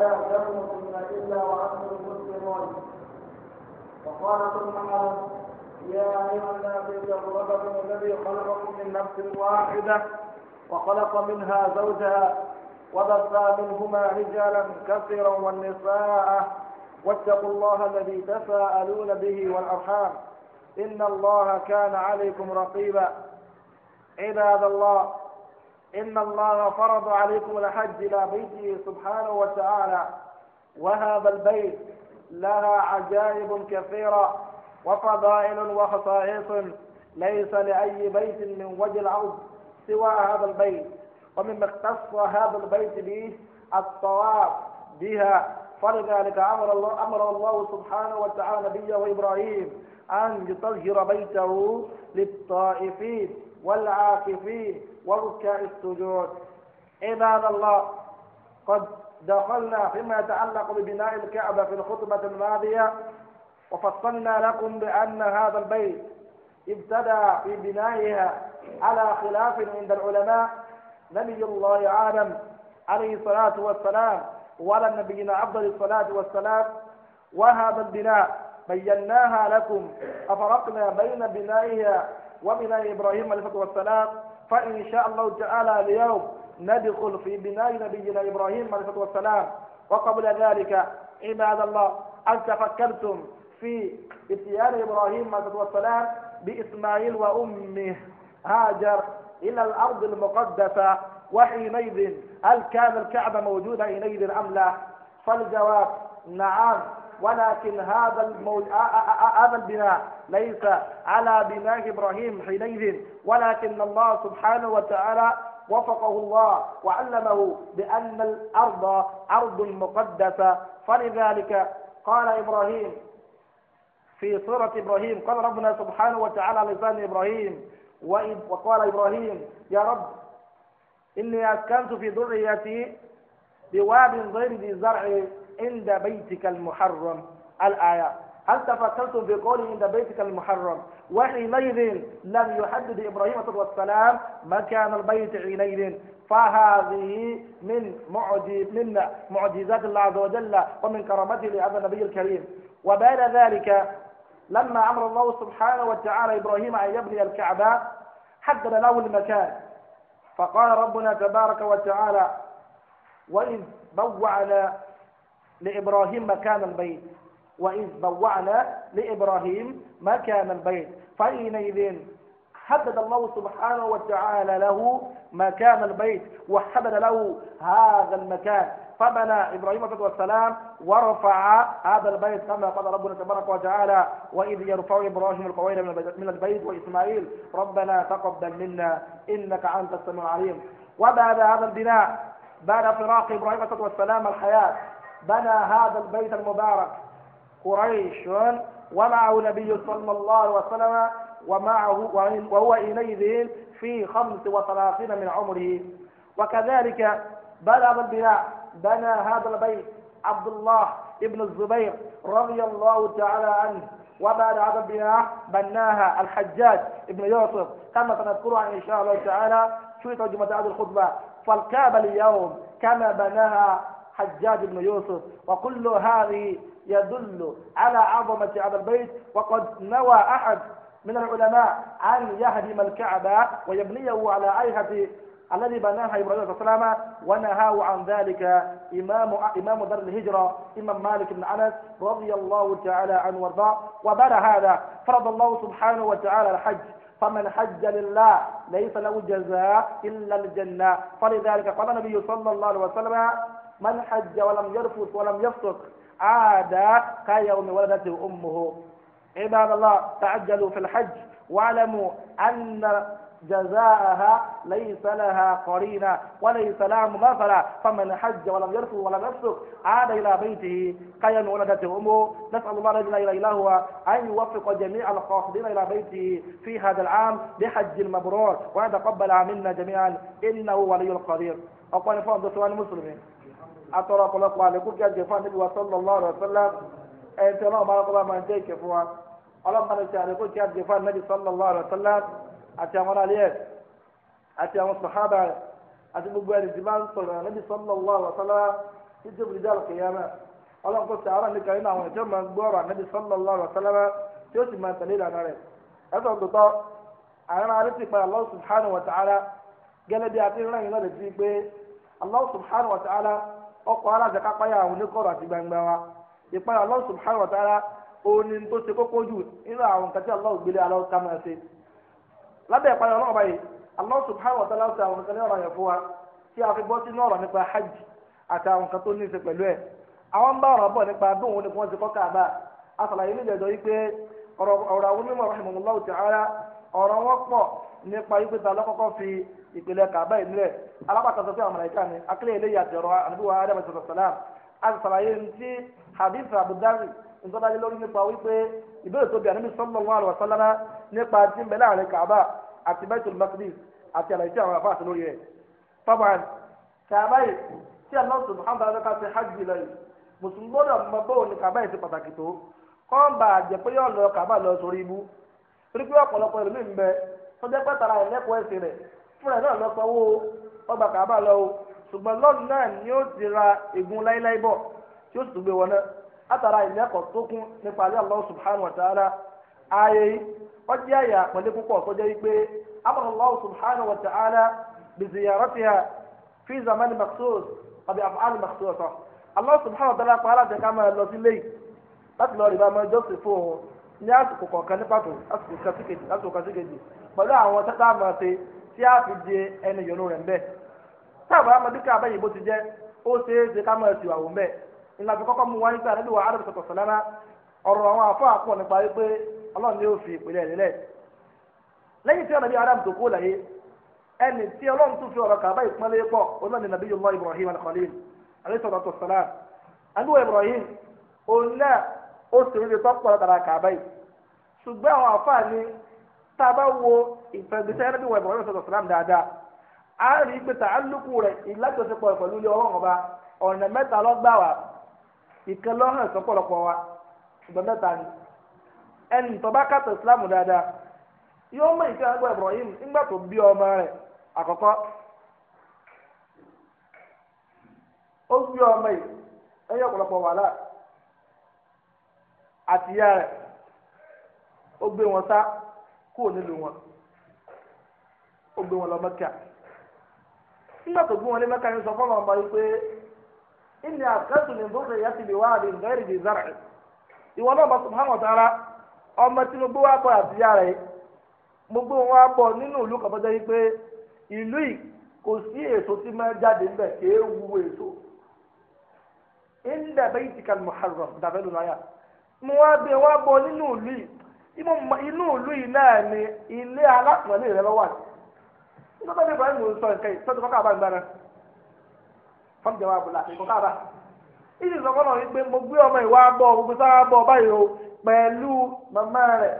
ولا تموتن الا وانتم مسلمون وقال سبحانه يا ايها الناس اتقوا ربكم الذي خلقكم من نفس واحده وخلق منها زوجها وبث منهما رجالا كثيرا والنساء واتقوا الله الذي تساءلون به والارحام ان الله كان عليكم رقيبا عباد الله إن الله فرض عليكم الحج إلى بيته سبحانه وتعالى وهذا البيت لها عجائب كثيرة وفضائل وخصائص ليس لأي بيت من وجه الأرض سوى هذا البيت ومما اختص هذا البيت به الطواف بها فلذلك أمر الله أمر الله سبحانه وتعالى نبيه إبراهيم أن يطهر بيته للطائفين والعاكفين وبكاء السجود عباد الله قد دخلنا فيما يتعلق ببناء الكعبة في الخطبة الماضية وفصلنا لكم بأن هذا البيت ابتدى في بنائها على خلاف عند العلماء نبي الله آدم عليه الصلاة والسلام ولا نبينا أفضل الصلاة والسلام وهذا البناء بيناها لكم أفرقنا بين بنائها وبناء إبراهيم عليه الصلاة والسلام فإن شاء الله تعالى اليوم ندخل في بناء نبينا إبراهيم عليه الصلاة والسلام وقبل ذلك عباد الله أنت تفكرتم في اتيان إبراهيم عليه الصلاة والسلام بإسماعيل وأمه هاجر إلى الأرض المقدسة وحينئذ هل كان الكعبة موجودة حينئذ أم لا فالجواب نعم ولكن هذا آ... هذا البناء ليس على بناء إبراهيم حينئذ ولكن الله سبحانه وتعالى وفقه الله وعلمه بأن الأرض أرض مقدسة فلذلك قال إبراهيم في سورة إبراهيم قال ربنا سبحانه وتعالى لسان إبراهيم وإذ وقال إبراهيم يا رب إني أسكنت في ذريتي بواد غير ذي زرع عند بيتك المحرم الآية هل تفكرتم في قوله عند بيتك المحرم وحينئذ لم يحدد إبراهيم عليه والسلام مكان البيت حينئذ فهذه من معجز من معجزات الله عز وجل ومن كرامته لهذا النبي الكريم وبعد ذلك لما أمر الله سبحانه وتعالى إبراهيم أن يبني الكعبة حدد له المكان فقال ربنا تبارك وتعالى وإذ بوعنا لإبراهيم مكان البيت وإذ بوعنا لإبراهيم مكان البيت فحينئذ حدد الله سبحانه وتعالى له مكان البيت وحدد له هذا المكان فبنى ابراهيم عليه والسلام ورفع هذا البيت كما قال ربنا تبارك وتعالى واذ يرفع ابراهيم القواعد من البيت واسماعيل ربنا تقبل منا انك انت السميع العليم وبعد هذا البناء بعد فراق ابراهيم عليه والسلام الحياه بنى هذا البيت المبارك قريش ومعه نبي صلى الله عليه وسلم ومعه وهو إليه في خمس وثلاثين من عمره وكذلك بنى بالبناء بنى هذا البيت عبد الله ابن الزبير رضي الله تعالى عنه وبعد هذا البناء بناها الحجاج ابن يوسف كما سنذكرها إن شاء الله تعالى في ترجمة هذه الخطبة فالكعبة اليوم كما بناها حجاج بن يوسف وكل هذه يدل على عظمة هذا البيت وقد نوى أحد من العلماء أن يهدم الكعبة ويبنيه على أيهة الذي بناها إبراهيم عليه السلام ونهاه عن ذلك إمام إمام دار الهجرة إمام مالك بن أنس رضي الله تعالى عنه وارضاه وبنى هذا فرض الله سبحانه وتعالى الحج فمن حج لله ليس له جزاء إلا الجنة فلذلك قال النبي صلى الله عليه وسلم من حج ولم يرفث ولم يفسق عاد كيوم ولدته أمه عباد الله تعجلوا في الحج واعلموا أن جزاءها ليس لها قرينة وليس لها مماثلة فمن حج ولم يرفض ولم يفسق عاد إلى بيته قيم ولدته أمه نسأل الله لا إله إلا هو أن يوفق جميع القاصدين إلى بيته في هذا العام بحج مبرور ويتقبل منا جميعا إنه ولي القدير أقول فضل سؤال مسلمين atọrọ ọ̀pọ̀lọpọ̀ àlékún kí a jẹ fún àti ìwà sọlọ lọrọ sọlá ẹni tí Ọlọ́run bára kọlá máa ń jẹ ìkẹ́ fún wa Ọlọ́run bára ṣe àlékún kí a jẹ fún àti sọlọ lọrọ sọlá àti àwọn alẹ àti àwọn sàhábà àti gbogbo ẹni tí máa ń sọ̀rọ̀ àti sọlọ lọrọ sọlá títí òbí dàlù kìyàmà Ọlọ́run kò sàárà ní kàrí náà àwọn ìjọ máa ń gbọ́rọ̀ àti sọlọ lọrọ sọlá tí ó sì máa tẹ̀lé ìlànà rẹ̀ ẹ̀sọ́ ọkọ̀ aláṣẹ kápáyà oníkọ̀rọ̀ àti gbangba wa ìpayà Allah subhanahu wa ta'ala òní tó ṣe kókó jù nínú àwọn nǹkan tí Allah gbélé Allah ká máa ṣe lábẹ́ ìpayà ọlọ́run báyìí Allah subhanahu wa ta'ala ṣe àwọn nǹkan ní ọ̀rọ̀ yẹn fún wa tí a fi bọ́ sínú ọ̀rọ̀ nípa hajj àti àwọn nǹkan tó ní í ṣe pẹ̀lú ẹ̀ àwọn bá ọ̀rọ̀ bọ̀ nípa bí òun ni ta'ala ọ̀rọ̀ wọn nípa yípe ta lọ́kọ́kọ́ fi ìpìlẹ̀ kàbá yìí nílẹ̀ alábàtà sọ pé ni akílẹ̀ ilé yàtọ̀rọ̀ àdúgbò adama sọ̀rọ̀ sàlám àti sàlàyé ti hadith abudari ntọ́dájú lórí nípa wípé ìbéèrè tó bí ànábi sallallahu alaihi wasallam nípa ti mbẹ́lẹ̀ àrẹ kàbá àti baitul maqdis àti àlàyé tí àwọn afa àti lórí rẹ̀ fáwọn kàbá yìí tí Allah subhanahu wa ta'ala ti hajj lẹ́yìn mùsùlùmí gbọ́dọ̀ mọ bóun ni kàbá yìí ti tọ́jọ́ pẹ́tàrà ẹ̀ lẹ́kọ̀ọ́ ẹ̀sìn rẹ̀ fúnra náà lọ sọ owó ọgbà kàbà lọ o ṣùgbọ́n lọ́ọ̀nù náà ni ó ti ra ègún láíláí bọ̀ tí ó sì gbé wọn náà látara ìlẹ́kọ̀ọ́ tó kún nípa alẹ́ Allah subhanahu wa ta'ala ààyè ọjọ́ àyà àpọ̀lé púpọ̀ tó jẹ́ wípé amara Allah subhanahu wa ta'ala bi ziyaratiha fi zamani makhsus àbí af'al makhsusa Allah subhanahu wa ta'ala pa aláṣẹ ká máa lọ sílé láti lọ rí bá máa jọ́sìn fún òun ní àsìkò kọ̀ọ̀kan ní pàtó àsìkò kàtíkèjì àsìkò kàtíkèjì pẹ̀lú àwọn tẹ́tà máa tí a fi di ẹni yọ̀nù rẹ̀ ńbẹ́ táàbà amadika abẹ́yẹ bó ti jẹ́ ó ṣeé ṣe ká máa ṣìwàwò ńbẹ́ ìlànà fi kọ́kọ́ mú wáyé pé àdébí wa àdébí sọ̀tọ̀ sọ̀lámà ọ̀rọ̀ àwọn àfọ́ àpọ̀ nípa wípé ọlọ́run ni fi ìpìlẹ̀ rẹ̀ ọrụ ó sì rí tara kàbá yìí ṣùgbọ́n àwọn àfààní tá a bá wo ìfẹ̀gbẹ́sẹ̀ ẹ̀rẹ́bí wọ̀ ìbọ̀wọ́ ìṣòro sàlám dáadáa a rí i pé tàálùkù rẹ̀ ìlàjọsẹ̀pọ̀ pẹ̀lú ilé ọwọ́ ọba ọ̀nà mẹ́ta lọ́gbà wa ìkan lọ́hàn sọ́pọ̀lọpọ̀ wa ṣùgbọ́n mẹ́ta ni tó bá dáadáa yóò mọ ìfẹ́ àti ìyá rẹ̀ ó gbé wọn sá kúrò nílùú wọn ó gbé wọn lọ Mẹ́kà nígbà tó gbé wọn lé Mẹ́kà sọ ọba ìní ní ti lè wá àdé nǹkan èrè ìzára rẹ̀ ìwọ náà bá subhanahu wa ta'ala ọmọ tí mo gbé wá bọ̀ àti ìyá rẹ̀ mo gbé wọn wá bọ̀ nínú ìlú kan fọ́jọ́ yìí ìlú yìí kò sí èso tí máa jáde kéé wu èso dàbẹ́ lónìí mo wá bí wọn bọ nínú ìlú yìí inú ìlú yìí náà ni ilé alápọ̀nlé rẹ lọ́wọ́ àti nígbà tó ní ibrahim ń sọ nǹkan yìí tọ́jú kọ́kọ́ àbá fọ́n jẹ́ bọ̀ láti kọ́kọ́ àbá ìdí ìsọ̀kọ́ náà wípé mo gbé ọmọ ìwà bọ̀ gbogbo sáà bọ̀ báyìí o pẹ̀lú màmá rẹ̀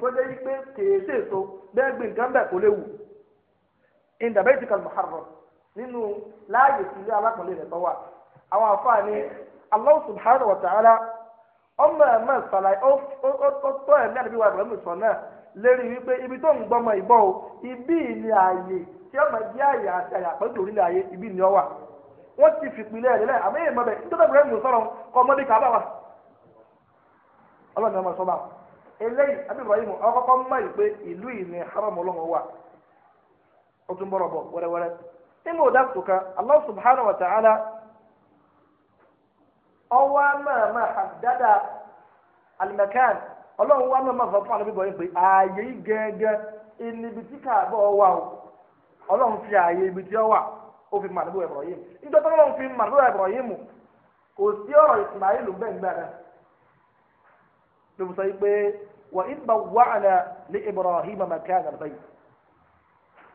tó jẹ́ wípé kèéṣe èso bẹ́ẹ̀ gbé nǹkan kó léwu ọmọ ẹ mọ ṣàlàyé ó tó ẹ̀mí àdébí wa ìbọ̀lẹ́mù sọ náà lérí wípé ibi tó ń gbọmọ ìbọ̀ o ibi ni ààyè tí ọmọ jẹ́ àyè àti àyè ayé ibi ni ọ wà ti fìpìlẹ̀ ẹ̀rẹ́ lẹ́yìn àmì èèmọ̀ bẹ̀ nítorí ìbọ̀lẹ́mù sọ̀rọ̀ kọ́ ọmọdé kàá bá wa ọlọ́run ọmọ sọ́ba eléyìí àbí Ibrahim ọkọ́kọ́ mọ̀ yìí pé ìlú yìí ni haram wà ó tún bọ̀rọ̀ bọ̀ wẹ́rẹ́wẹ́rẹ́ ọwọ́ amáàmá àdádá alimakan ọlọ́run wá mọ̀ máa fọ fún àlọ́bí bọ̀yìn pé ààyè yìí gẹ́gẹ́ ìníbi tí kààbọ̀ wà o ọlọ́run fi ààyè ibi tí ó wà ó fi Ibrahim nítorí ọlọ́run fi màdúgbò Ibrahim kò sí ọ̀rọ̀ Ismail bẹ́ẹ̀ngbà rẹ̀ sọ pé wà ní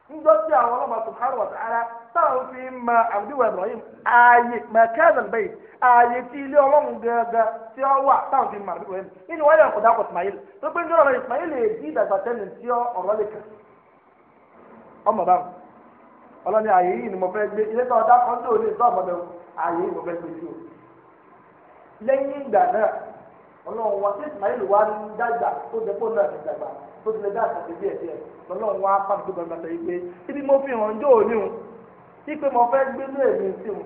níjọ́ tí àwọn ọlọ́mọ subhanahu wa ta'ala táwọn fi ń ma àbúdíwà ibrahim ààyè mẹkẹ́sàn bẹ́ẹ̀ ààyè tí ilé ọlọ́run gẹ́gẹ́ tí ó wà táwọn fi ń ma àbúdíwà ibrahim nínú wáyé ọ̀kọ̀dá kọ̀ ismail tó pé níjọ́ ọ̀rọ̀ ismail lè di ìdàgbà tẹ́lẹ̀ tí ọ̀rọ̀ lè kà ọmọ báwọn ọlọ́ni ààyè yìí ni mo fẹ́ gbé ilé tó ọ̀dà kan tó ní ìtọ́ ọmọ bẹ́ẹ̀ ààyè mo fẹ́ gbé sí o lẹ́yìn ìgbà náà ọlọ́run wa tí ismail wa ń dàgbà tó jẹ́ pé náà ti dàgbà tó ti lè dá àtàkì díẹ̀ díẹ̀ ọlọ́run wa pàṣẹ tó gbàgbà sọ yìí pé ibi mo fi hàn jó òní o tí pé mo fẹ́ gbé ní èmi sí o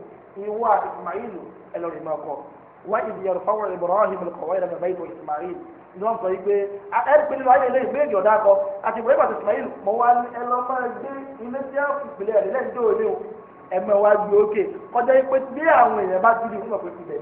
ìwọ àti ismail ẹ lọ rìn máa kọ wá ìdí ẹrù fáwọn ibrahim kọ̀wé rẹ̀ bàbá ìtò ismail ni wọ́n sọ yìí pé ẹ rí pé nínú ayé ilé ìgbé ìjọba kọ àti ibrahim àti ismail mo wá ẹ lọ máa gbé ilé tí a ìpìlẹ̀ rẹ̀ lẹ́yìn jó òní o ẹ mọ̀ wá gbé òkè kọjá yìí pé bí àwọn èèyàn bá ti rí i fún ọ̀pẹ̀ síbẹ̀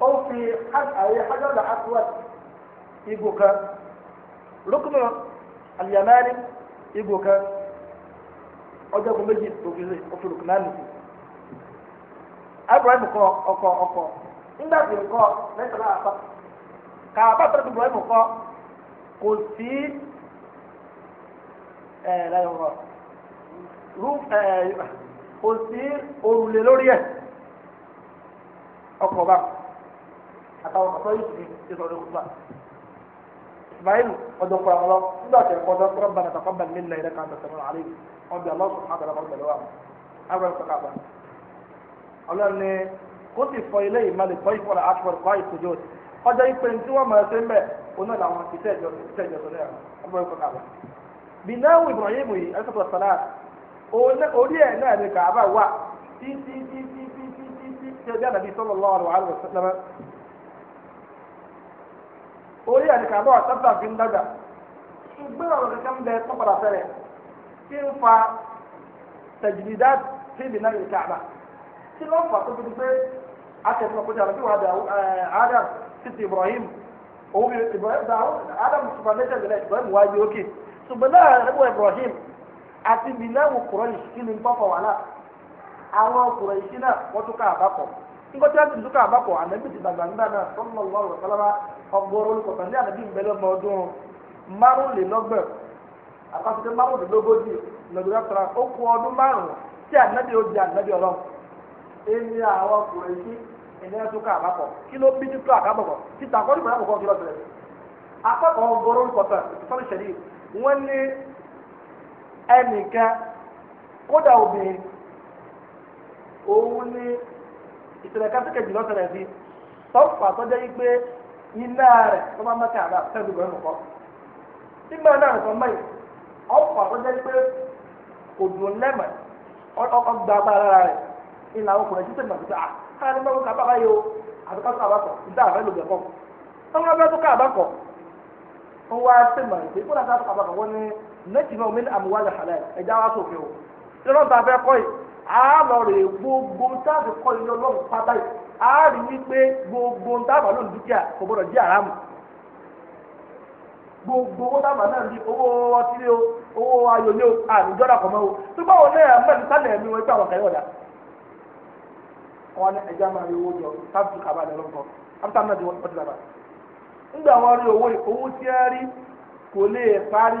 ó fi àyè hajjọ́dà aswad igbó kan rúkúnù àlìyàmáni igbó kan ọjọ́ kan méjì òfìlè òfìlùkù náà nìyí. kọ ọkọ ọkọ nígbà kọ lẹ́sẹ̀ náà kọ kàbá tó dùbọ̀ ẹ̀mú kọ àtàwọn ọ̀sọ́ yìí ti ti sọ̀rọ̀ ìkúta. Ismail ọdún kura wọn lọ nígbà tí ẹ̀kọ́ ọdún kura bana takọ́ bani nílẹ̀ ẹ̀rẹ́ kan tẹ̀sán wọn àlejò wọn bí ọlọ́sùn àgbà lọ́kọ́ pẹ̀lú wa agbára ìfọ̀kà àgbà. Ọlọ́run ni kó sì fọ ilé yìí ẹ̀sọ́ pọ̀ sọ́lá orí ẹ̀ náà ni kàá bá orí ẹ̀nìkan àbọ̀ àtàtà fi ń dàgbà ṣùgbọ́n ọ̀rọ̀ kankan bẹ tọ́padà fẹ́rẹ̀ tí ń fa tẹ̀jìdìdá tí ìbí náà ìka àbá tí ló fà tó fi di pé akẹ́kọ̀ọ́ kọjá àbí wàá Adam títí Ibrahim òun bí Ibrahim Adam supernature ìbílẹ̀ Ibrahim wáá yí òkè ṣùgbọ́n náà ẹ̀rọ Ibrahim àti ìbí náà wò kúrọ̀ yìí kí ni ń pọ̀ fọ̀ wàhálà àwọn kúrọ̀ yìí náà wọ́n tún ká àbá pọ̀ nkɔtí láti dùkọ àbákọ ànábì ti dàgbà ńgbà náà sallallahu alaihi wasallam ọgbọrọ olùkọtà ní ànábì ìbẹlẹ ọmọ ọdún márùnlélọ́gbọ̀n àkọsílẹ márùnlélógójì lọdún yàtọ̀ra ó kú ọdún márùn tí ànábì ó di ànábì Ọlọ́run èmi àwọn ọkùnrin sí ìnáyà dùkọ àbákọ kí ló bí dùkọ àbákọ títà àkọ́dù mọ̀ àbọ̀kọ́ kí lọ bẹ̀rẹ̀ akọkọ ọgbọrọ olùkọtà ìfọwọ́ ìṣẹ̀lẹ̀ wọn ní ẹnìkan kódà obìnrin òun ní ìṣẹ̀lẹ̀ kásìkè jùlọ ṣẹlẹ̀ sí tọ́pù àtọ́jọ́ yìí pé iná rẹ̀ tó bá mẹ́ta àbá sẹ́gun gbẹ̀rún kọ́ nígbà náà nǹkan mọ́ yìí ọ̀pù àtọ́jọ́ yìí pé kò dùn lẹ́mọ̀ ọgbà agbára rẹ̀ ìlà ọkùnrin títí mọ̀ títí àá ní mẹ́wọ́n ká bára yóò àbíkọ́ tó àbákọ̀ ìdá àbẹ́ lògbẹ̀ kọ́ wọn bá tó ká àbákọ̀ wọn wá sẹ́mọ̀ ìpè kó àárọ̀ rẹ̀ gbogbo táàbì kọ́ ilé ọlọ́run pátá yìí àárí wípé gbogbo táàbà náà dúkìá kò gbọdọ̀ jẹ́ gbogbo owó náà di owó ọtílé o owó ayọ̀lé o àníjọ́dà kọ̀mọ́ o tó báwo náà mẹ́rin sálẹ̀ ẹ̀mí wọn gbà wọn kẹ́yọ̀ dá. wọn ní ẹja máa rí owó jọ lẹ́rọ nǹkan náà di wọn rí owó owó tí rí kò lè parí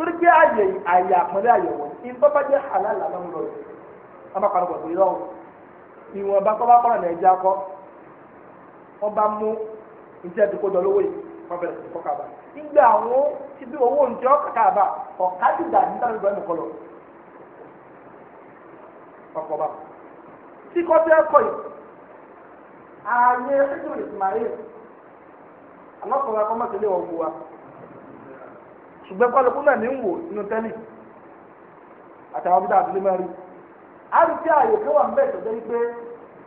torí pé àyè àyè àpọ́nlé àyẹ̀wò ìtọ́bàjẹ́ halal làwọn lọ rẹ̀ ọmọ kan kò sí lọ́wọ́ ìwọ̀nba bá kọ́ ọ̀nà ẹ̀jẹ̀ akọ́ wọ́n bá mú iṣẹ́ ti kójọ lówó yìí wọ́n kaba nígbà àwọn ti bí owó ń ọ̀ká ti dà ní sáré ṣùgbọ́n kọ́lùkù náà ní ń wò inú tẹ́lẹ̀ àtàwọn bíi àdúlé mẹ́rin àrùtí ààyè tó wà níbẹ̀ tọ́jọ́ yìí pé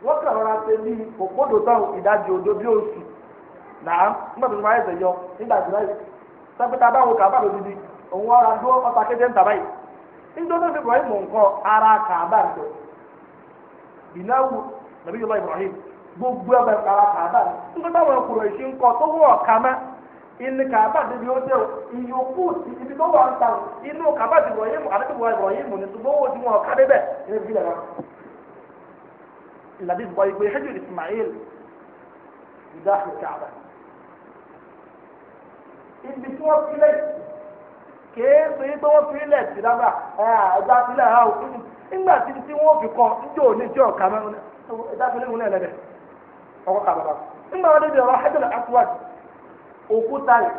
wọ́n kàn rọra ṣe bí òpódò tán ìdajì òdo bí oṣù náà nígbà tó ń wáyé ṣẹ̀yọ nígbà tó láyé òun kéde ń tà báyìí fi Ibrahim nǹkan ara kàbá ń tẹ̀ ìnáwó nàbí gbogbo ara nígbà táwọn inú kàbàdé ni ó dé o iyo ibi tó wà ń ta o inú kàbàdé wọ̀ yé mu àdébí wọ̀ wọ̀ yé mu ní ṣùgbọ́n owó tí wọn kà débẹ̀ ní ibi lẹ́wọ̀n. ìlànà hajj ismail ibi tí fi fi ha o nígbà tí tí fi fi kàbàbà. òkúta rẹ̀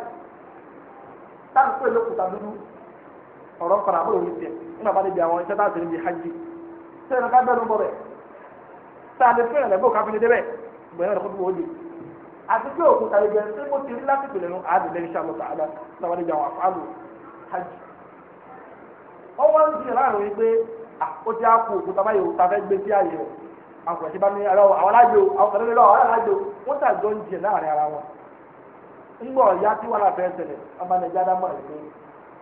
táǹpẹ̀ lókùtà dúdú ọ̀rọ̀ kan àbúrò yìí tiẹ̀ nígbà bá débi àwọn iṣẹ́ tá a ṣe níbi hajj sẹ́yìn ká bẹ́ẹ̀ ló ń bọ̀ rẹ̀ tá lè fẹ́ràn lẹ́gbẹ̀ẹ́ ká fi ní débẹ̀ rẹ̀ àti pé òkúta rẹ̀ ti lẹ́yìn nígbà bá àwọn àfáàlù hajj. wá ń pé ó ti á kú òkúta báyìí òkúta fẹ́ gbé sí àyè rẹ̀ ńgbọ ya tí wàhálà fẹẹ ṣẹlẹ̀ ọba nàìjíríà dámọ ẹgbẹ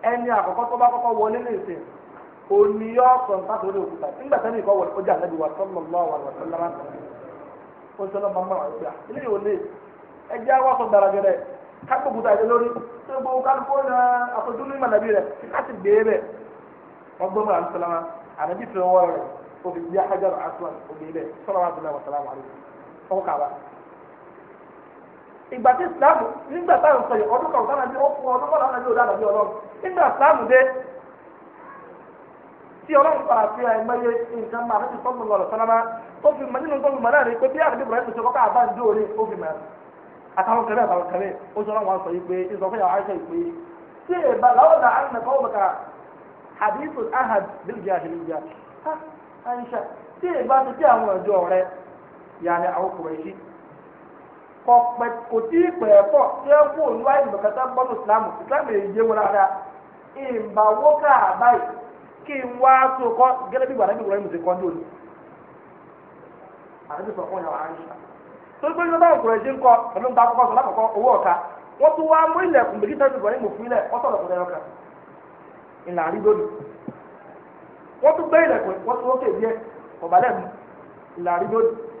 ẹni àkọ́kọ́ tó bá kọ́kọ́ wọlé lè ṣe òní yọ kọńtàtì orí òkúta nígbà tẹ́lẹ̀ ìkọ́ wọlé ọjà àgbẹ̀bí wa sọ́nà lọ́wọ́ àwọn ọ̀sán lára ó ń sọ́nà mọ́mọ́ ọ̀gbà ilé ìwòlé ẹjẹ́ awọ́sọ gbàràgẹ̀rẹ̀ ẹ̀jẹ̀ lórí gbogbo rẹ̀ ìgbà tí islam nígbà táwọn sọ yìí ọdún kan sáà bí ó fún ọdún kọ́lá nàbí ọ̀dà nàbí ọlọ́run nígbà islam dé tí ọlọ́run fara fi ẹ̀ mẹ́yẹ nǹkan máa fi sọ́kùn lọ́rọ̀ sálámà ó fi mọ nínú pé bí kọ́kọ́ àbá ìjó ó fi àtàwọn kẹrẹ àtàwọn kẹrẹ ó sọ sọ yìí pé kọpẹ kò tí ì pẹ̀ pọ̀ tí ẹ kú òyìnbó àyìnbó kẹta gbọ́dọ̀ ìsìlámù ìsìlámù yé wọn rárá ìmàwó káàbá yìí kí n wá tó kọ́ gẹ́gẹ́ bí wàhálà ìwúrọ̀ ìmùsìn kan lónìí. àti sọ fún yàrá àyíṣà tó gbé ní báwo kùrẹ́jì ń kọ pẹ̀lú nǹkan akọ́kọ́ sọ̀rọ̀ owó ọ̀ka wọ́n tún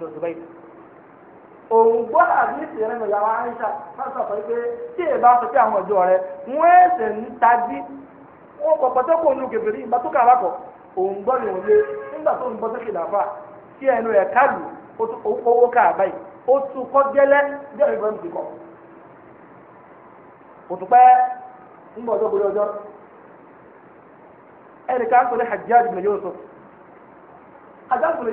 da zubai òun gbọ́ àdìsí rẹ̀ nù yàrá àyíṣà láti sọ pé tí èyí bá sọ sí àwọn ọjọ́ rẹ̀ wọ́n ẹ̀sẹ̀ ń tají wọ́n kọ̀ pẹ̀tẹ́ kò nu gègèrè ìgbà tó òun gbọ́ ni òun lé nígbà tó ń sókè tí ẹnu owó ká ó tún kọ́ gẹ́lẹ́ bí òtùpẹ́ ń bọ̀ ọjọ́ gbọdọ̀ ọjọ́ ẹnì kan sọ ní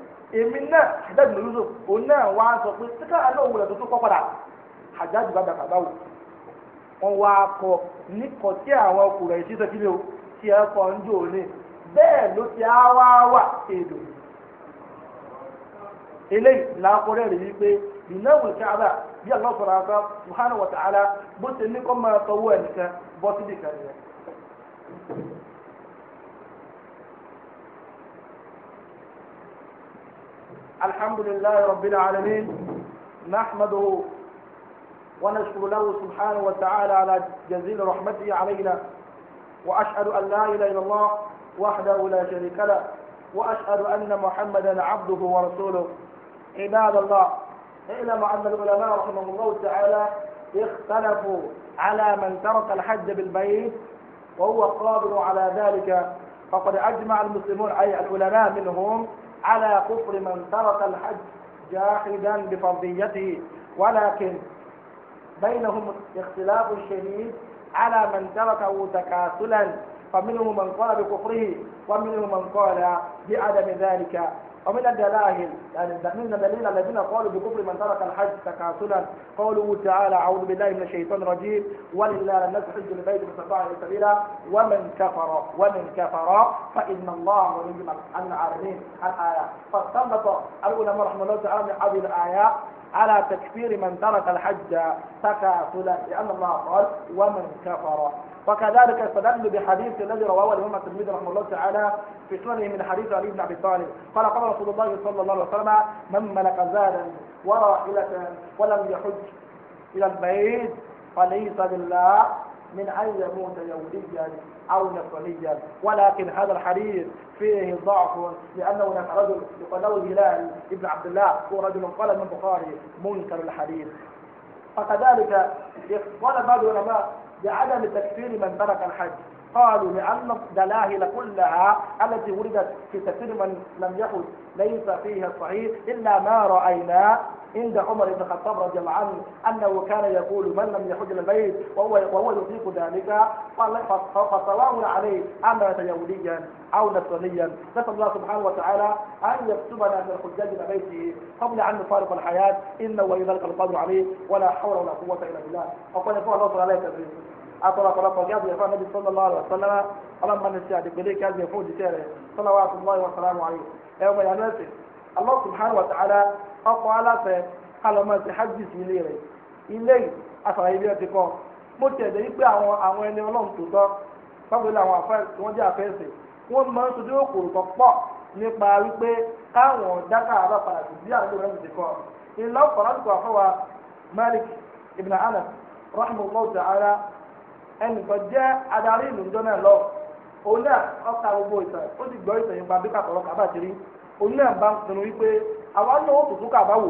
èmi náà àjáde lórí so òun náà wá sọ pé síkà àlọ́ òwúrọ̀ tó tó padà bá dàgbà báwò wọn wá kọ níkọ tí àwọn ọkùnrin ìṣiṣẹ́ o tí ẹ kọ ń jò ní bẹ́ẹ̀ ló ti á wá wà èdò eléyìí làákọ́rẹ́ rẹ̀ yìí pé ìnáwó káàbà bí Allah wa ta'ala bó ní kọ́ máa tọwọ́ bọ́ kan nìyẹn. الحمد لله رب العالمين نحمده ونشكر له سبحانه وتعالى على جزيل رحمته علينا وأشهد أن لا إله إلا الله وحده لا شريك له وأشهد أن محمدا عبده ورسوله عباد الله اعلم أن العلماء رحمهم الله تعالى اختلفوا على من ترك الحج بالبيت وهو قادر على ذلك فقد أجمع المسلمون أي العلماء منهم على كفر من ترك الحج جاحدا بفرضيته ولكن بينهم اختلاف شديد على من تركه تكاسلا فمنهم من قال بكفره ومنهم من قال بعدم ذلك ومن الدلائل يعني من الدليل الذين قالوا بكفر من ترك الحج تكاسلا قوله تعالى أعوذ بالله من الشيطان الرجيم ولله الناس حج البيت من استطاع إليه سبيلا ومن كفر ومن كفر فإن الله ولي عن العالمين الآية فاستنبط العلماء رحمه الله تعالى من هذه الآيات على تكفير من ترك الحج تكاسلا لأن الله قال ومن كفر وكذلك استدل بحديث الذي رواه الإمام الترمذي رحمه الله تعالى في سننه من حديث علي بن أبي طالب قال قال رسول الله صلى الله عليه وسلم من ملك زادا وراحلة ولم يحج إلى البيت فليس لله من أن يموت يهوديا أو نصرانيا ولكن هذا الحديث فيه ضعف لأنه هناك رجل يقال له هلال ابن عبد الله هو رجل قال من البخاري منكر الحديث فكذلك قال بعض العلماء بعدم تكفير من ترك الحج قالوا لأن الدلائل كلها التي وردت في تكفير من لم يحج ليس فيها صحيح إلا ما رأيناه عند عمر بن الخطاب رضي الله عنه أنه كان يقول من لم يحج البيت وهو وهو يطيق ذلك فصلاه عليه اما يهوديا أو نصرانيا نسأل الله سبحانه وتعالى أن يكتبنا من الحجاج إلى بيته قبل أن نفارق الحياة إنه ولي ذلك القدر عليه ولا حول ولا قوة إلا بالله وقال يقول الله تعالى تدريس أطلق لقد جاء يا النبي صلى الله عليه وسلم ألم من السعد بليك هذه يفوز سيره صلوات الله وسلامه عليه يوم يا ناسي Allah subhanahu wa ta'ala ọkọ̀ aláfẹ́ kálọ̀mọ́ ti hajj sí ilé rẹ̀ ilé àfàlàyé bí ẹ ti kọ́ mo tẹ̀lé wípé àwọn àwọn ẹni ọlọ́run tó tọ́ pàpẹ́lú àwọn afẹ́ tí wọ́n jẹ́ afẹ́sẹ̀ wọ́n máa ń sojú òkòrò tó pọ̀ nípa wípé káwọn dáká àbá padà sí bí àdúgbò rẹ̀ ti kọ́ ìlà ọ̀pọ̀lọpọ̀ àti àfọwà Malik ibn Anas rahimahullah ta'ala ẹnìkan jẹ́ adarí ìlú ńdọ́nà lọ òun náà ọ̀ka gbogbo ìtàn ó sì gbọ́ ìtàn yìí pa bí kàkọ́rọ́ kàbàtìrí òun náà bá ń pinnu wípé àwa náà ó tòtú a bá wò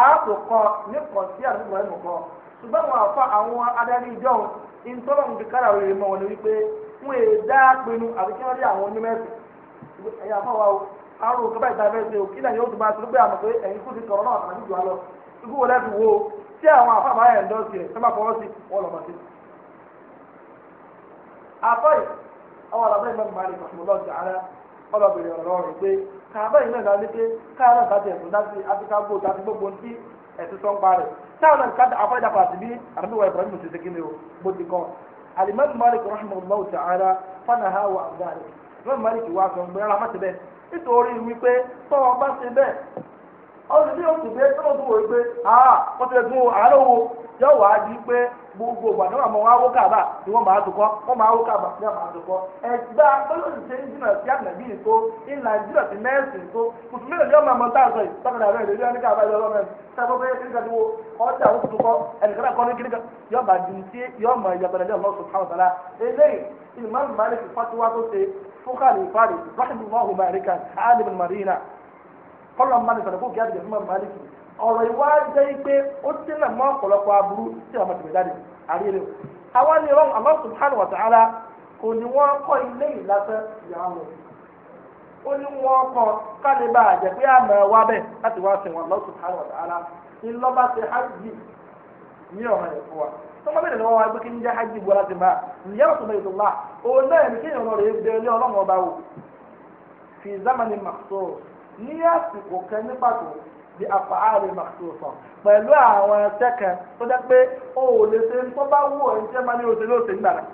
àápò kọ nípò sí àdúgbò ẹ̀ nìkan ṣùgbọ́n àwọn àfa àwọn adarí ìtọ́lọ̀ ń fi kára mọ́ wọn ni wípé dá pinnu àbí kí wọ́n rí àwọn onímẹ̀sì ẹ̀yà wa o àrùn òkè báyìí náà yóò pé pé ẹ̀yin wo tí àwọn àfa àbáyà ẹ̀ Ọ ọ̀rọ̀ rẹ̀ pé káàbá yìí náà dá lé pé káàbá náà dájú ẹ̀sùn dájú áfíríkà gbòó dájú gbogbo ní ẹ̀sùn tó ń parí káàbá náà káàbá afọ́jà pàṣẹ bí àdúgbò Ibrahim ti ṣe kíni o bó ti kọ́ alimami Malik fana ha wa alimami Malik wa sọ ara mọ́tẹ́ bẹ́ẹ̀ nítorí wípé tọ́wọ́ bá ṣe bẹ́ẹ̀ bẹ́ẹ̀ tọ́wọ́ wípé ah kọ́tẹ́ gbogbo ìgbà ní wọn máa wó kàbà ni wọn máa dùkọ wọn máa wó kàbà ni wọn máa dùkọ ẹgbẹ́ abẹ́lódì ṣe ń jìnnà sí àgbẹ̀bí ètò ìlà ìjìnnà sí mẹ́ẹ̀sì ètò mùsùlùmí lòdì ọmọ àmọ́ táàzọ yìí sọ́kàdà rẹ̀ lórí ẹni káàbà ìlọ́rọ̀ mẹ́rin sẹ́kọ̀ pé kíríkà tí wo ọjà ó tutù kọ ẹnìkan kọ́ ní kíríkà yọ bá di ti yọ mọ ìyàgbọ́n ẹ̀jẹ̀ ọlọ́sùn káwọn tàlá eléyìí ìmọ̀ọ́mù malik fatiwa tó ṣe fúkàlì ìfàlì rahimahu malikan alim marina kọ́lọ̀ malik sọ̀rọ̀ fún kí á dìgbà fún ọ̀rọ̀ ìwà jẹ́ pé ó ti nà mọ́ ọ̀pọ̀lọpọ̀ aburú tí àwọn tìmẹ̀ jáde ni ọlọ́run Allah subhanahu wa ta'ala kò ní wọ́n kọ́ ilé yìí ìyàwó rẹ̀ ó ní wọ́n kọ́ àjẹ́ pé àmọ́ wa láti wá wọn subhanahu wa ta'ala ní lọ́ba ṣe ní ẹ̀ fún wa tó máa bẹ̀rẹ̀ lọ́wọ́ wa pé kí ní jẹ́ bu bí àfààrí màtòfò pẹ̀lú àwọn ẹsẹ̀ kan tó jẹ́ pé o ò lè ṣe tó bá wù ọ́ ẹ̀ṣẹ̀ máa ní oṣù ní oṣù nígbà náà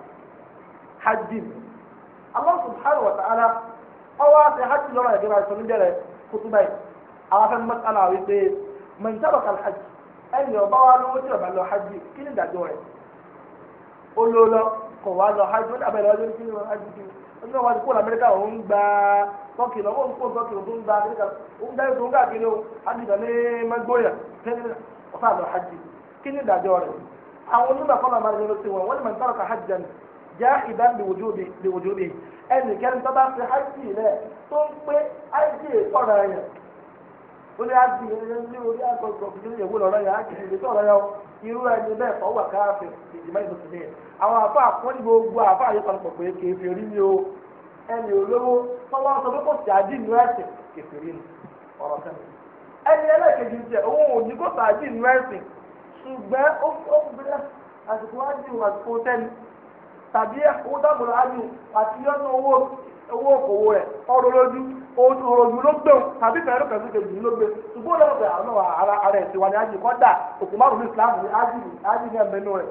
hajj Allah subhanahu wa ta'ala ọwọ́ àti hajj lọ́rọ̀ ẹ̀gẹ́ máa sọ níbẹ̀rẹ̀ kútúbà yìí àwọn afẹ́ mọ́tàlá wípé mọ̀ntàbọ̀kà hajj ẹni ọba wa lówó tí ọba lọ hajj kí ni ìdájọ́ rẹ̀ ó lọ lọ kọ̀ wá lọ hajj ó hajj kí ọjọ́ wa ti kó lamẹ́ríkà òun gba tọ́kì lọ òun kó tọ́kì lọ tó ń gba amẹ́ríkà òun dáyé tó ń káàkiri o àdìgbà ní mẹgbóyà tẹ́lẹ̀ ọ̀sán àlọ́ hajj kí ni ìdájọ́ rẹ̀ àwọn onímọ̀ kọ́lá máa ń lọ sí wọn wọ́n ní mẹ́ta ọ̀ka hajj jẹ́nu jahiban biwujubi ẹnì kẹrin tó bá fi hajj rẹ̀ tó ń pé hajj ọ̀rọ̀ yẹn ó a àti na ní orí àgbọ̀gbọ̀ bí ìyẹ̀wò lọ́rọ̀ yẹn àti ìdè tó ọ̀rọ̀ yẹn o irú ẹni bẹ́ẹ̀ kọ́ wà káàfẹ́ ìdìmọ́ ìmùsùlùmí ẹ̀ àwọn afọ àkọ́ni gbogbo àfa àyẹ̀pọ̀lọpọ̀ afọ kèéfì orí ni o ẹni olówó tọ́wọ́ sọ pé kò sí àdínú ẹ̀sìn kèéfì orí ni ọ̀rọ̀ sẹ́mi ẹni ẹlẹ́ẹ̀kejì ń jẹ òun ò ní kò sí àdínú ẹ̀sìn ṣùgbọ́n ó owó òkòwò rẹ̀ ọ̀rọ̀ lójú òòlù ló gbé tàbí kẹrẹ́rẹ́ kẹrẹ́rẹ́ kejì ló gbé ṣùgbọ́n lọ́wọ́ pé àwọn ará ara ẹ̀ tiwa ni ájì kọ́dà òkú márùn ní Islam ní ájì ní ájì ní ẹ̀mẹ́nu rẹ̀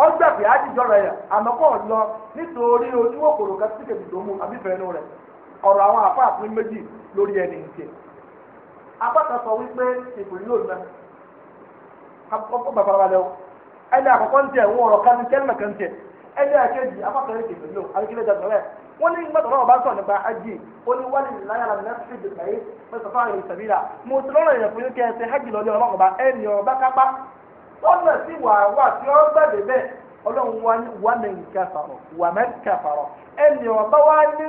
ó gbà pé ájì jọ̀rọ̀ yẹn àmọ́ lọ nítorí ojú tó mú rẹ̀ ọ̀rọ̀ àwọn àfa méjì lórí ẹni nìkẹ́ sọ wípé wọ́n ní gbàtọ̀ náà bá sọ̀rọ̀ nípa hajj ó ní wálé láyà làmì náà sì dìgbà yìí mẹ́sàn-án fáwọn èèyàn sàbílà mo ti lọ́rọ̀ yẹn fún yín kí ẹ ṣe hajj lọ́jọ́ ọlọ́run ọba ẹnì ọba kápá lọ́nà sí wàhálà tí ó gbàdé bẹ́ẹ̀ ọlọ́run wá ní wà mẹ́ nkàfàrọ̀ wà mẹ́ nkàfàrọ̀ ẹnì ọba wá ní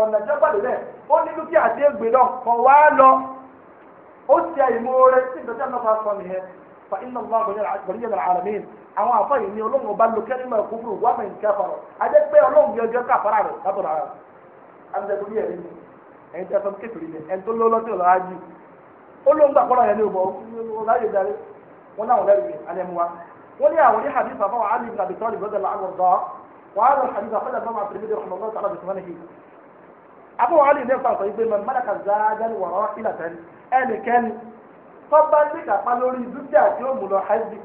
ọ̀nà tí ó ó ní dúkìá àti ègbè náà kọ̀ wá lọ ó ti àyè mọ́ sí ìdọ̀tí àná fa sọ nìyẹn fa iná lọ́wọ́ àwọn àfáàyè ni ọlọ́run ọba lo kẹ́rin máa kúrò wà mí nǹkan fara ajẹ́ pé ọlọ́run yẹn jẹ́ káfara rẹ̀ látọ̀ rárá amúdẹ́gbẹ́bí ẹ̀rí ni ẹ̀yin tí a fẹ́ kékeré ni ẹ̀yin tó lọ́ọ́ lọ́tí ọ̀la ájú ó ló ń gbà kọ́ra yẹn ní ọmọ ọláyè darí wọn náà wọn lẹ́rù mi alẹ́ mu wa wọ́n ní àwọn ní hadith àfọwọ́ ali ibn abi tọ́lì bọ́dọ̀ làwọn ọ̀dọ́ wọ́n á lọ hadith àfọwọ́ àfọwọ́ àtìlẹ́dẹ́ ọ̀hún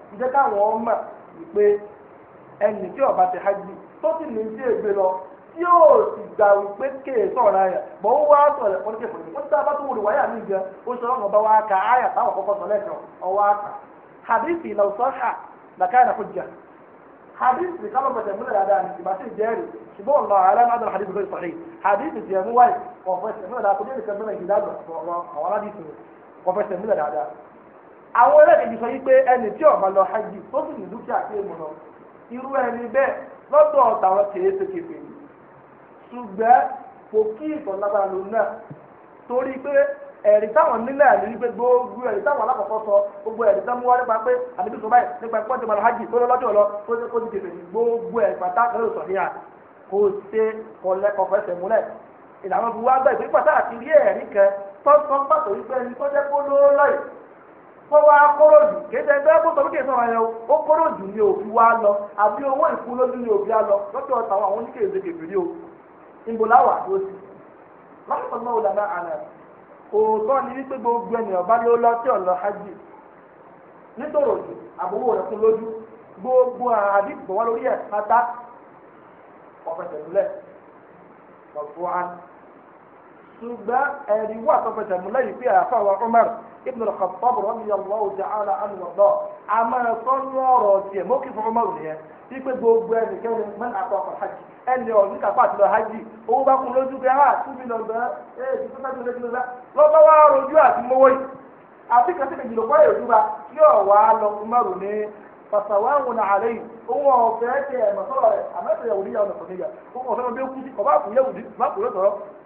jẹ́ káwọn ọmọ pé ẹnì tí ọba ti hajj tó sì ní sí lọ tí yóò sì gbà wípé kéè sọ̀rọ̀ ayà bọ̀ ó wá sọ̀rọ̀ ẹ̀kọ́ ní kéèkó ní wọ́n ti tó wọlé wáyà mí gan ó ṣe ọ̀nà ọba wa ka ayà táwọn kọ́kọ́ sọ ọwọ́ àkà hadith ha hadith ìkàlọ̀ múlẹ̀ ìbá sì ṣùgbọ́n dọ̀rọ̀ hadith hadith àwọn ẹlẹ́dìí sọ wípé ẹni tí ọ̀bà lọ hajj tó sì ní dúkìá pé mo lọ irú ẹni bẹ́ẹ̀ lọ́dọ̀ ọ̀tàwọn kèé ṣe kèfè ṣùgbọ́n kò kí ìtọ̀lágbára lòun náà torí pé ẹ̀rí táwọn gbogbo ẹ̀rí táwọn alákọ̀ọ́kọ́ sọ gbogbo ẹ̀rí táwọn nípa pé àbíbí sọ báyìí nípa hajj tó lọ tó ṣe kọ́ wá kóró jù kéde ẹgbẹ́ kó tọ́ bí kéde sọ̀rọ̀ yẹn o ó kóró jù ní òfi wá lọ àbí owó ìkú lójú ní òfi á lọ lọ́dọ̀ ọ̀tàwọn àwọn oníkèéze kèfèrí o ìbò láwà tó ti lọ́pọ̀ náà ó dáná àná òótọ́ ni wípé gbogbo ènìyàn bá ló lọ tí ò lọ hajj nítorò jù àbúrò rẹ̀ kún lójú gbogbo àdí tó wá lórí ẹ̀ pátá ọ̀fẹ̀sẹ̀múlẹ̀ ọ̀fọ̀ ṣùgbọ́n ẹ̀rí wà tọ́fẹ̀sẹ̀múlẹ̀ yìí pé àfọwọ́ Umar ibn al-khattab radiyallahu ta'ala anhu wàdọ́ àmọ́ sọ́nù ọ̀rọ̀ tiẹ̀ mọ́kì fún ọmọ òun yẹn wípé gbogbo ẹnì kẹ́ni mẹ́ta àtọ́ ọkọ̀ hajj ẹnì ọ̀hún kápá àti lọ hajj owó bá kún lójú pé ha ah, two million bẹ́ẹ̀ ẹ̀ ṣùgbọ́n sáà tó lé kí ló dá lọ́ba wa rojú àti mọ́wọ́ yìí àti kàtí kejì ló kọ́ èrú ba yóò wá lọ fún márùn ní fasawaahun alayhi òun ọ̀fẹ́ tiẹ̀ mọ̀sọ́rọ̀ rẹ̀ àmẹ́sẹ̀ yahudi yà ọ̀nà kò níyà òun ọ̀fẹ́ wọn bí ó kú sí kọ̀ bá kú yahudi bá kú lọ́sọ̀rọ̀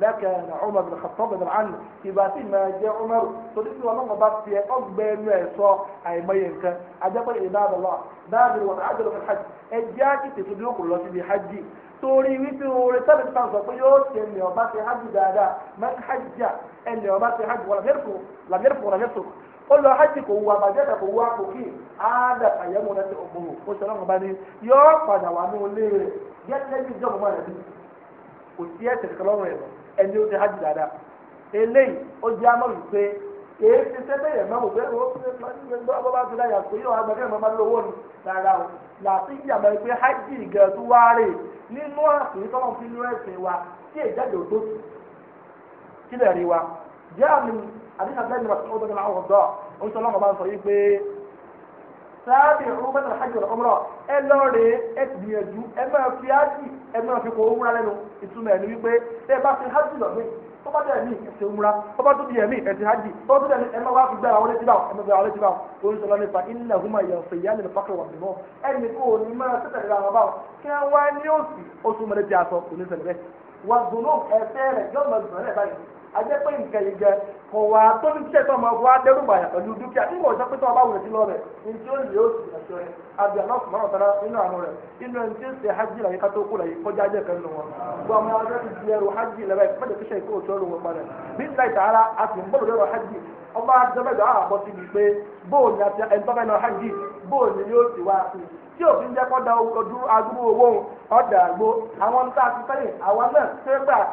لكان عمر بن الخطاب عنه يبقى في ما جاء عمر صديقي والله بس في أكبر ما يسوع أي ما ينكر أجاب عباد الله بادر وتعدل في الحج الجاكي تصدق الله في حجي torí wípé oore sábẹ̀ tí wọ́n sọ pé yóò ṣe ẹni ọba ṣe hajj dáadáa máa ń hajjá ẹni ọba ṣe hajj wọ́n làmẹ́rìfò làmẹ́rìfò làmẹ́rìfò ó lọ hajj kò wá bàjẹ́ kò wá kò kí áádà àyẹ̀wò rẹ̀ ti ògbòrò ó ṣe ọlọ́run bá ní yóò padà wà ní olé rẹ̀ yẹ́tẹ́jú ìjọba rẹ̀ bí kò sí ẹ̀sẹ̀ kọlọ́run rẹ̀ lọ ẹni ó ti hajj dáadáa eléyìí ó jẹ́ àmọ́ wípé èyí ti sẹ́tẹ̀ yẹn mọ́ òfin ó fi gbọ́ bá ti láyà pé yóò wá gbẹ́kẹ̀ mọ́ máa lówó ni rárá o làtí ìjàmbá yìí pé hajj gẹ̀ tó wá rè nínú àsìn tó wọn fi nú ẹ̀sìn wa tí ìjáde ò tó tù kílẹ̀ rí wa jẹ́ àmì àdéhàbẹ́ni wa sọ́dọ̀ ní àwọn ọ̀dọ́ òun sọ lọ́mọ bá ń sọ yìí pé sáàbì ọmọbẹ náà hajj ọmọrọ ẹ lọrẹ ẹ gbìyànjú ẹ máa fi ájì ẹ máa fi kó wúra lẹ́nu ìtumọ̀ ẹni wípé tẹ ẹ bá fi hajj lọ mí tó bá dẹ̀ mí ẹsẹ̀ wúra tó bá tó di ẹ̀mí ẹsẹ̀ hajj tó bá tó dẹ̀ mí ẹ máa wá fi gbára wọlé tí báwọn ẹ máa gbára wọlé tí báwọn orí sọlọ nípa iná húmọ̀ yẹn fẹ̀ yá nínú pákẹ́ wà mí ẹnì kó ní máa tẹ̀tẹ̀ àwọn báwọn kí ajẹ́ pé nǹkan yìí jẹ kò wá tó ní tíṣẹ́ tó máa wá dẹ́rù bàyà pẹ̀lú dúkìá nígbà ọ̀sẹ̀ pé tó ọba wùrẹ̀ sí lọ́rẹ̀ ní tí ó lè ó sì ẹ̀ṣọ́ rẹ̀ àbí aláṣùmọ́ ọ̀tara nínú àánú rẹ̀ inú ẹni tí ó hajj làyè kú kọjá hajj ìkó padà bí a sì ń hajj ọba adébẹ̀dọ̀ àbọ̀ sí ni pé bóòlù àti ẹni lọ hajj bóòlù yóò sì wá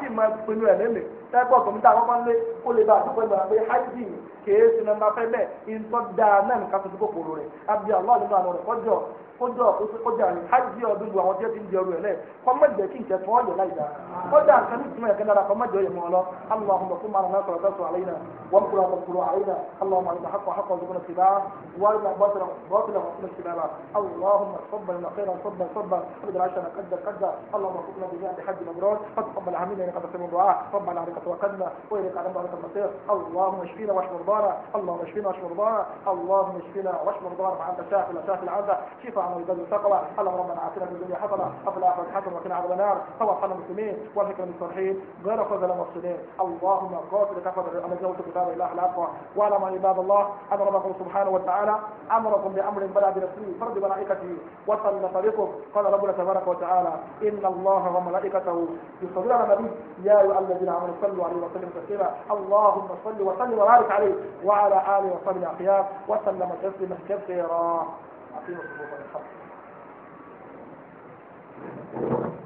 sí tẹ́gbọ́ kọ̀mítà àkọ́kọ́ ńlé ó lè bá àdúgbò ìgbà pé haidi kèé sinimá fẹ́ bẹ́ẹ̀ ìtọ́ dáa náà nìkan tó dúkòkòrò rẹ̀ abiy allah nínú àwọn ọ̀rẹ́ kọjọ kódà òfin kódà ní hajj ọdún gbogbo àwọn tí ó ti ń di ọrùn ẹ̀ lẹ̀ kọ́ mọ̀ jẹ́ kí n kẹfọ́ ọ̀yẹ̀ láì dáa kódà nǹkan ní ìtumọ̀ ẹ̀kẹ́ lára kọ́ mọ̀ jẹ́ ọ̀yẹ̀ mọ́ lọ اللهم كن معنا صلاة علينا وانقر وانقر علينا اللهم ارنا حق حق وارزقنا اتباعه وارنا باطلا باطلا وارزقنا اجتنابه اللهم صب لنا خيرا صبا صبا قد العشاء قدر قدر اللهم وفقنا بجاه بحج الابرار فتقبل عمينا انك تسمع الدعاء ربنا عليك توكلنا واليك على عليك المصير اللهم اشفينا واشف مرضانا اللهم اشفينا واشف مرضانا اللهم اشفينا واشف مرضانا وانت شافي لا شافي العزة شفاء وجعلنا من باب التقوى اللهم ربنا اعطنا في الدنيا حسنه وفي الاخره حسنه وقنا عذاب النار توفنا المسلمين والحكمه المصلحين غير خذل المفسدين اللهم قاتل كفر على جوة كتاب الله الاقوى واعلم عباد الله ان ربكم سبحانه وتعالى امركم بامر بلا بنفسه فرد ملائكته وصل طريقه قال ربنا تبارك وتعالى ان الله وملائكته يصلون على النبي يا ايها الذين امنوا صلوا عليه وسلموا تسليما اللهم صل وسلم وبارك عليه وعلى اله وصحبه الاخيار وسلم تسليما كثيرا 手をそから立って。